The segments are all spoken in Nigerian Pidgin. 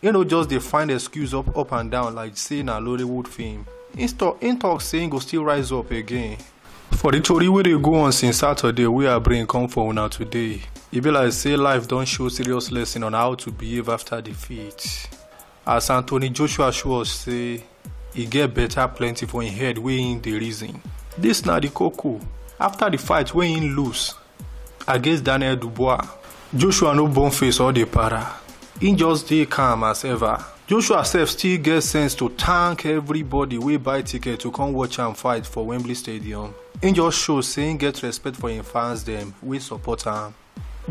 You know, just they find excuse up up and down like say na lollywood film im in talk, saying go still rise up again for the tori wey dey go on since saturday wey i bring come for una today e be like say life don show serious lesson on how to behave after defeat as anthony joshua show us say e get better plenty for im head wey im dey reason dis na di koko After di fight wey im lose against daniel dubois joshua no bone face or dey para He just stay calm as ever. Joshua sef still gets sense to thank everybody wey buy ticket to come watch am fight for Wembley Stadium. He just show say he get respect for him fans dem wey support am.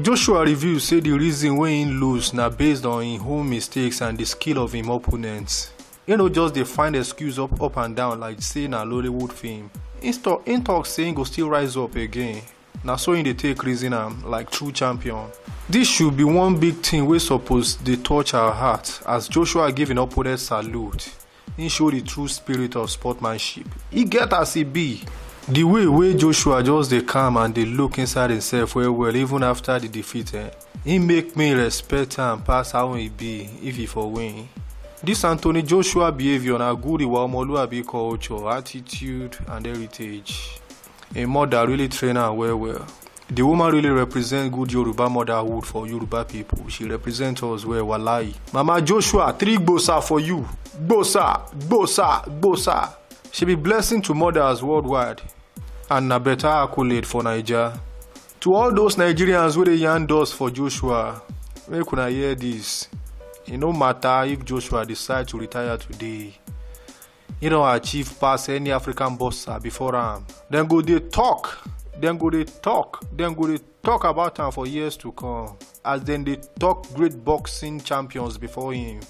Joshua reveal say the reason wey he lose na based on him own mistakes and the skill of him opponents. He no just dey find excuse up up and down like say na Lollywood film. He talk, he say he go still rise up again na so im dey take reason am um, like true champion This should be one big thing wey suppose dey touch our heart as joshua give im opponent salute im show di true spirit of sportsmanship e get as e be The way wey joshua just dey calm and dey look inside himself well well even after the defeat eh e make me respect am pass how he be if he for win This anthony joshua behaviour na good iwa omoluabi culture attitude and heritage a mother really train her well well. The woman really represent good Yoruba motherhood for Yoruba people. She represent us well, walai. Mama Joshua, three gbosa for you. Gbosa, gbosa, gbosa. She be blessing to mothers worldwide and a better accolade for Niger. To all those Nigerians wey dey yarn dust for Joshua, make una hear this. E no matter if Joshua decide to retire today you don't achieve pass any african boxer uh, before am Then go they talk, then go they talk, then go they talk about him for years to come as then they talk great boxing champions before him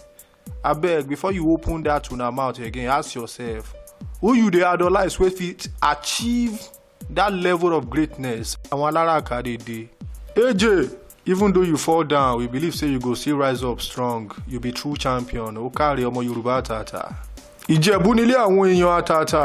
I beg, before you open dat una mouth again ask yourself who you dey idolize wey it achieve that level of greatness and aláràkà dey dey. aj even though you fall down we believe say you go still rise up strong you be true champion o káre ọmọ yorùbá tààtà. Ìjẹ̀bú nílé àwọn èèyàn àtàtà